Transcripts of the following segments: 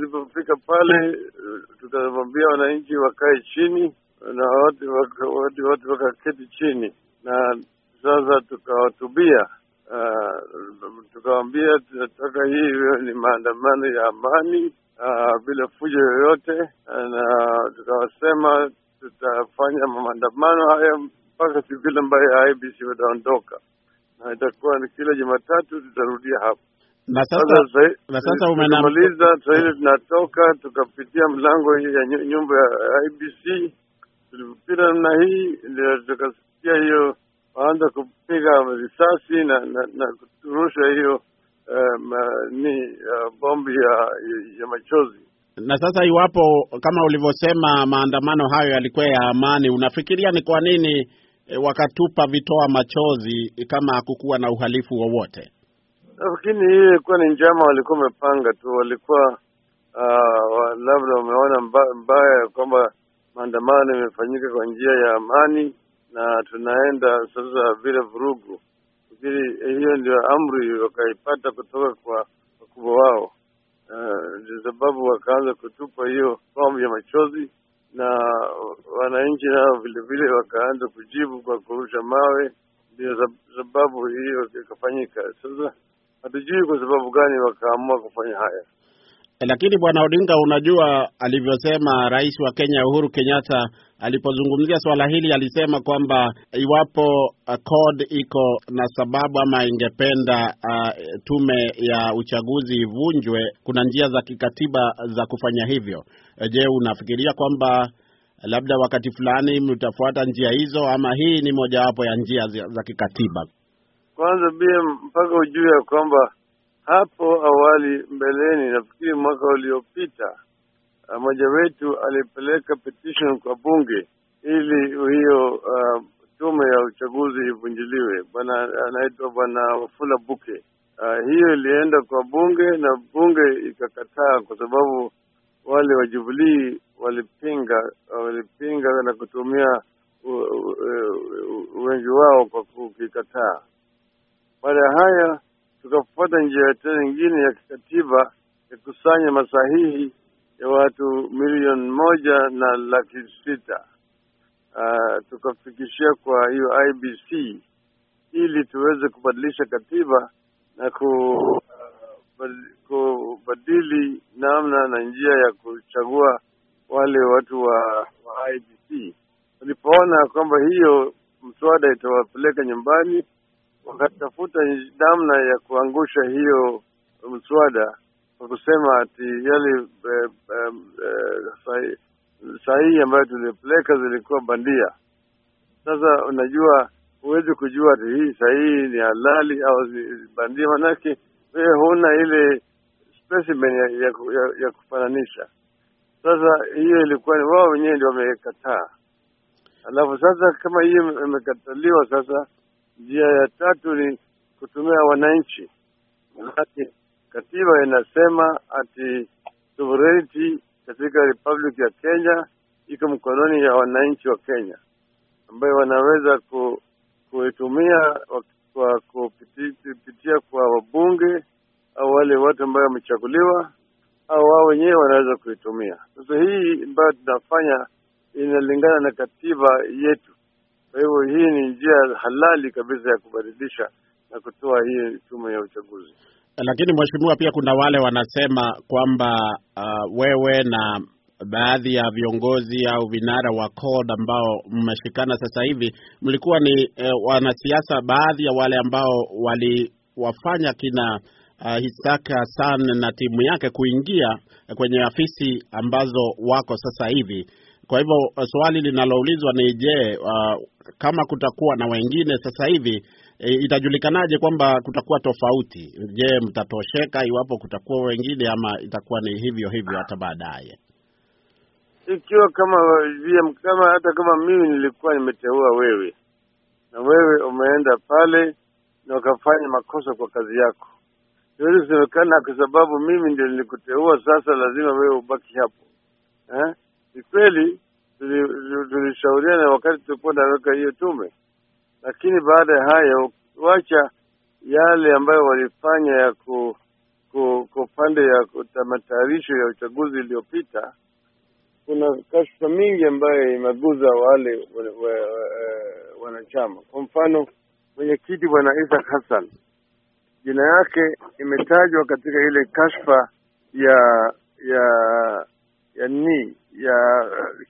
tulipofika pale, eh, tukawaambia wananchi wakae chini na watu wakaketi chini, na sasa tukawatubia uh, tukawaambia tunataka hii ni maandamano ya amani eh, bila fujo yoyote, na tukawasema tutafanya maandamano haya mpaka siku ile ambayo IBC wataondoka, na itakuwa ni kila Jumatatu tutarudia hapo na sasa na sasa umemaliza hivi tunatoka tukapitia mlango ya nyumba ya IBC tulipita namna hii ndio tukasikia hiyo waanza kupiga risasi na na, na kuturusha hiyo um, ni uh, bombi ya, ya machozi na sasa iwapo kama ulivyosema maandamano hayo yalikuwa ya amani unafikiria ni kwa nini eh, wakatupa vitoa machozi kama hakukuwa na uhalifu wowote Nafikiri hii ilikuwa ni njama walikuwa wamepanga tu, walikuwa uh, labda wameona mbaya ya kwamba maandamano imefanyika kwa njia ya amani na tunaenda sasa vile vurugu. Nafikiri hiyo ndio amri wakaipata kutoka kwa wakubwa wao, ah, ndio uh, sababu wakaanza kutupa hiyo bomu ya machozi na wananchi nao vilevile wakaanza kujibu kwa kurusha mawe. Ndio sababu hiyo ikafanyika sasa Hatujui kwa sababu gani wakaamua kufanya haya, eh, lakini bwana Odinga, unajua alivyosema rais wa Kenya Uhuru Kenyatta alipozungumzia swala hili, alisema kwamba iwapo eh, CORD iko na sababu ama ingependa uh, tume ya uchaguzi ivunjwe, kuna njia za kikatiba za kufanya hivyo. Je, unafikiria kwamba labda wakati fulani mtafuata njia hizo ama hii ni mojawapo ya njia za kikatiba? kwanza bia mpaka ujue ya kwamba hapo awali mbeleni, nafikiri mwaka uliopita, uh, mmoja wetu alipeleka petition kwa bunge ili hiyo uh, tume ya uchaguzi ivunjiliwe. Bwana anaitwa Bwana Wafula Buke. Uh, hiyo ilienda kwa bunge na bunge ikakataa kwa sababu wale wa Jubilee walipinga walipinga na kutumia wengi wao kwa kukikataa. Baada ya haya, tukafuata njia tena nyingine ya kikatiba ya kusanya masahihi ya watu milioni moja na laki sita uh, tukafikishia kwa hiyo IBC ili tuweze kubadilisha katiba na kubadili namna na njia ya kuchagua wale watu wa, wa IBC. Walipoona kwamba hiyo mswada itawapeleka nyumbani wakatafuta namna ya kuangusha hiyo mswada kwa kusema ati yale eh, eh, eh, sahihi ambayo tulipeleka zilikuwa bandia. Sasa unajua, huwezi kujua ati hii sahihi ni halali au bandia, manake wewe huna ile specimen ya, ya, ya, ya kufananisha. Sasa hiyo ilikuwa ni wao wenyewe ndio wamekataa, alafu sasa kama hiyo imekataliwa sasa Njia ya tatu ni kutumia wananchi, manake katiba inasema ati sovereignty katika Republic ya Kenya iko mkononi ya wananchi wa Kenya, ambayo wanaweza ku, kuitumia kwa kupitia kwa wabunge au wale watu ambao wamechaguliwa au wao wenyewe wanaweza kuitumia. Sasa hii ambayo tunafanya inalingana na katiba yetu. Kwa hivyo hii ni njia halali kabisa ya kubadilisha na kutoa hii tume ya uchaguzi. Lakini mheshimiwa, pia kuna wale wanasema kwamba uh, wewe na baadhi ya viongozi au vinara wa CORD ambao mmeshikana sasa hivi mlikuwa ni uh, wanasiasa baadhi ya wale ambao waliwafanya kina uh, Hisaka san na timu yake kuingia kwenye afisi ambazo wako sasa hivi. Kwa hivyo uh, swali linaloulizwa ni je, uh, kama kutakuwa na wengine sasa hivi e, itajulikanaje kwamba kutakuwa tofauti? Je, mtatosheka iwapo kutakuwa wengine ama itakuwa ni hivyo hivyo hata baadaye? Ikiwa kama kama hata kama mimi nilikuwa nimeteua wewe na wewe umeenda pale na ukafanya makosa kwa kazi yako, siwezi kusemekana kwa sababu mimi ndio nilikuteua, sasa lazima wewe ubaki hapo eh? Ni kweli tulishauriana wakati tulikuwa naweka hiyo tume, lakini baada ya hayo wacha yale ambayo walifanya ya ku, kwa upande ya matayarisho ya uchaguzi iliyopita, kuna kashfa mingi ambayo imeguza wale eh, wanachama. Kwa mfano, mwenyekiti Bwana Isaac Hassan jina yake imetajwa katika ile kashfa ya ya ya nini ya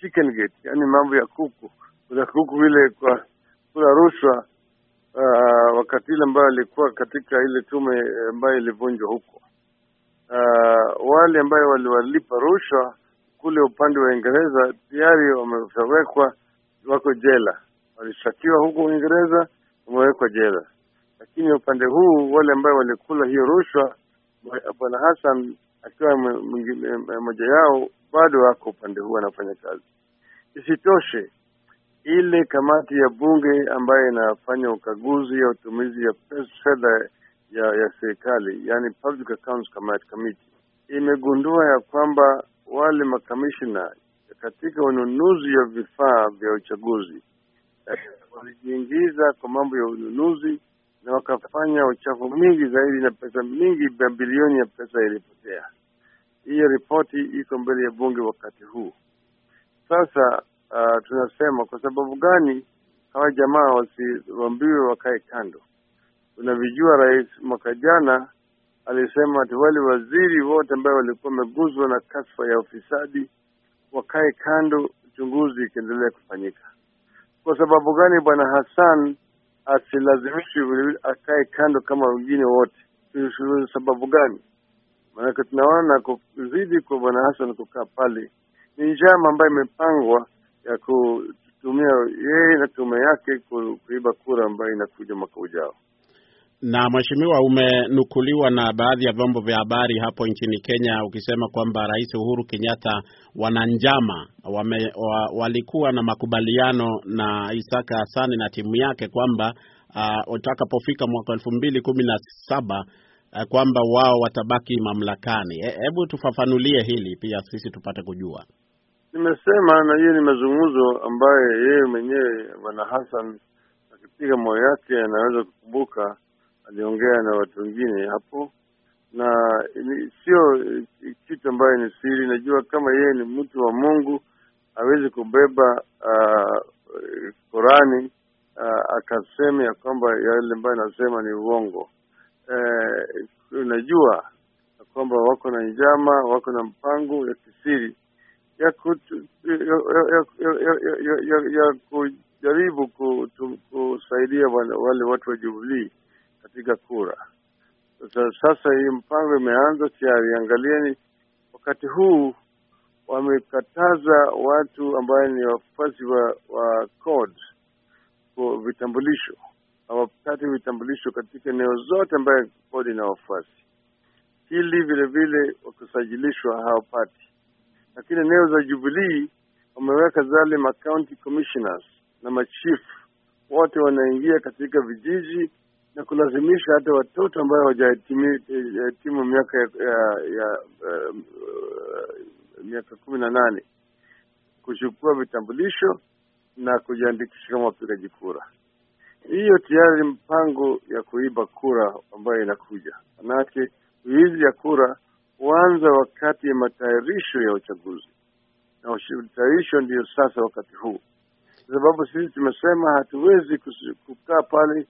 chicken gate, yani mambo ya kuku kula kuku ile kwa kula rushwa uh, wakati ile ambayo alikuwa katika ile tume ambayo ilivunjwa huko uh, wale ambayo waliwalipa rushwa kule upande wa Uingereza tayari wamewekwa wako jela, walishtakiwa huko Uingereza, wamewekwa jela. Lakini upande huu wale ambayo walikula hiyo rushwa, bwana Hassan akiwa mmoja yao bado wako upande huu anafanya kazi. Isitoshe, ile kamati ya bunge ambayo inafanya ukaguzi ya utumizi ya fedha ya ya serikali, yani Public Accounts Committee, imegundua ya kwamba wale makamishna katika ununuzi wa vifaa vya uchaguzi eh, walijiingiza kwa mambo ya ununuzi na wakafanya uchafu mwingi zaidi na pesa mingi, mabilioni ya pesa ilipotea. Hiyo ripoti iko mbele ya bunge wakati huu. Sasa uh, tunasema kwa sababu gani hawa jamaa wasiwambiwe wakae kando? unavyojua rais mwaka jana alisema ati wale waziri wote ambao walikuwa wameguzwa na kashfa ya ufisadi wakae kando, uchunguzi ikiendelea kufanyika. Kwa sababu gani bwana Hassan asilazimishwe vilevile, akae kando kama wengine wote. Sababu gani? Maanake tunaona kuzidi kwa bwana Hassan kukaa pale ni njama ambayo imepangwa ya kutumia yeye na tume yake kuiba kura ambayo inakuja mwaka ujao. Na mheshimiwa, umenukuliwa na baadhi ya vyombo vya habari hapo nchini Kenya ukisema kwamba Rais Uhuru Kenyatta wana njama wame, wa, walikuwa na makubaliano na Isaka Hasani na timu yake kwamba utakapofika uh, mwaka elfu mbili kumi na saba uh, kwamba wao watabaki mamlakani. E, hebu e, tufafanulie hili pia sisi tupate kujua. Nimesema na hiyo ni mazungumzo ambaye yeye mwenyewe Bwana Hassan akipiga moyo yake anaweza kukumbuka aliongea na watu wengine hapo, na sio eh, kitu ambayo ni siri. Najua kama yeye ni mtu wa Mungu hawezi kubeba uh, Qurani uh, ah, akasema ya kwamba yale ambayo anasema ni uongo. Unajua eh, kwamba wako na njama, wako na mpango ya kisiri ya, kutu, ya, ya, ya, ya, ya, ya kujaribu kutu, kusaidia wale watu wa Jubilee katika kura. Sasa hii mpango imeanza tayari, angalieni. Wakati huu wamekataza watu ambaye ni wafuasi wa, wa CORD kwa vitambulisho, hawapati vitambulisho katika eneo zote ambaye CORD ina wafuasi. Hili vile vile wakusajilishwa hawapati, lakini eneo za Jubilee wameweka zale ma county commissioners na machief wote wanaingia katika vijiji na kulazimisha hata watoto ambayo hawajahitimu miaka ya, ya, ya uh, miaka kumi na nane kuchukua vitambulisho na kujiandikisha kama wapigaji kura. Hiyo tayari mpango ya kuiba kura ambayo inakuja, manake wizi ya kura huanza wakati ya matayarisho ya uchaguzi, na utayarisho ndiyo sasa wakati huu, kwa sababu sisi tumesema hatuwezi kukaa pale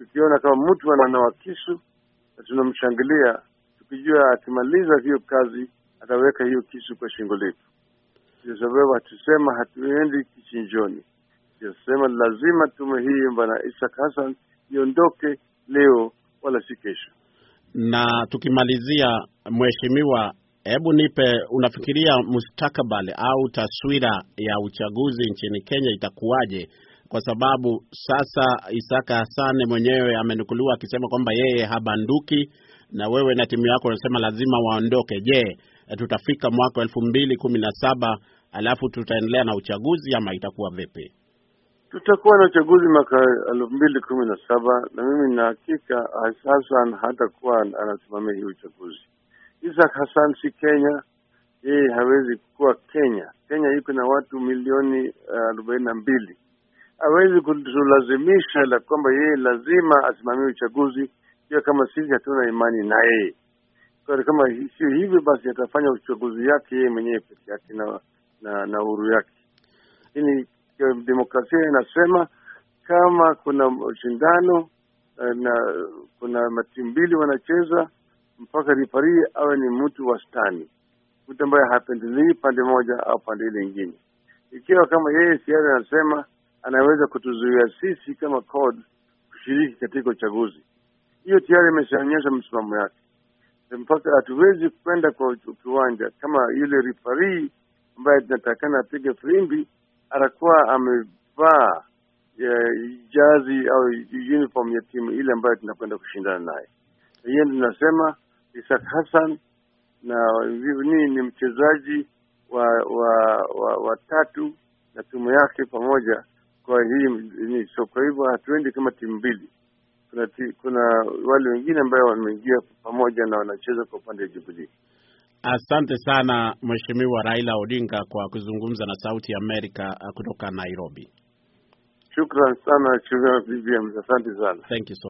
tukiona kama mtu ananawa kisu na tunamshangilia, tukijua akimaliza hiyo kazi ataweka hiyo kisu kwa shingo letu. Ndio sababu hatusema hatuendi kichinjoni, ndio sema lazima tume hii Bwana Isaac Hassan iondoke leo wala si kesho. Na tukimalizia, Mheshimiwa, hebu nipe, unafikiria mustakabali au taswira ya uchaguzi nchini Kenya itakuwaje? kwa sababu sasa Isaka Hassan mwenyewe amenukuliwa akisema kwamba yeye habanduki na wewe na timu yako unasema lazima waondoke. Je, tutafika mwaka elfu mbili kumi na saba alafu tutaendelea na uchaguzi ama itakuwa vipi? Tutakuwa na uchaguzi mwaka elfu mbili kumi na saba na mimi na hakika Hassan hatakuwa anasimamia hii uchaguzi. Isaac Hassan si Kenya, yeye hawezi kuwa Kenya. Kenya iko na watu milioni eh, arobaini uh, na mbili hawezi kutulazimisha la kwamba yeye lazima asimamie uchaguzi ikiwa kama sisi hatuna imani na yeye. Kama sio hivyo, basi atafanya uchaguzi yake yeye mwenyewe peke yake na na na uhuru yake. Lakini demokrasia inasema kama kuna ushindano eh, na kuna matimu mbili wanacheza, mpaka rifari awe ni mtu wastani, mtu ambaye hapendelei pande moja au pande ile ingine. Ikiwa kama yeye siara anasema anaweza kutuzuia sisi kama CORD kushiriki katika uchaguzi. Hiyo tayari imeshaonyesha msimamo yake, mpaka hatuwezi kwenda kwa kiwanja kama yule rifari ambaye tunatakana apige firimbi atakuwa amevaa jazi au uniform ya timu ile ambayo tunakwenda kushindana naye. Hiyo tunasema Isak Hassan na ni, ni mchezaji wa wa, wa, wa tatu na timu yake pamoja kwa hii ni so, kwa hivyo hatuendi kama timu mbili. Kuna, kuna wale wengine ambayo wameingia pamoja na wanacheza kwa upande wa jubilii Asante sana mweshimiwa Raila Odinga kwa kuzungumza na Sauti Amerika uh, kutoka Nairobi. Shukran sana, shukran. Asante sana. Thank you so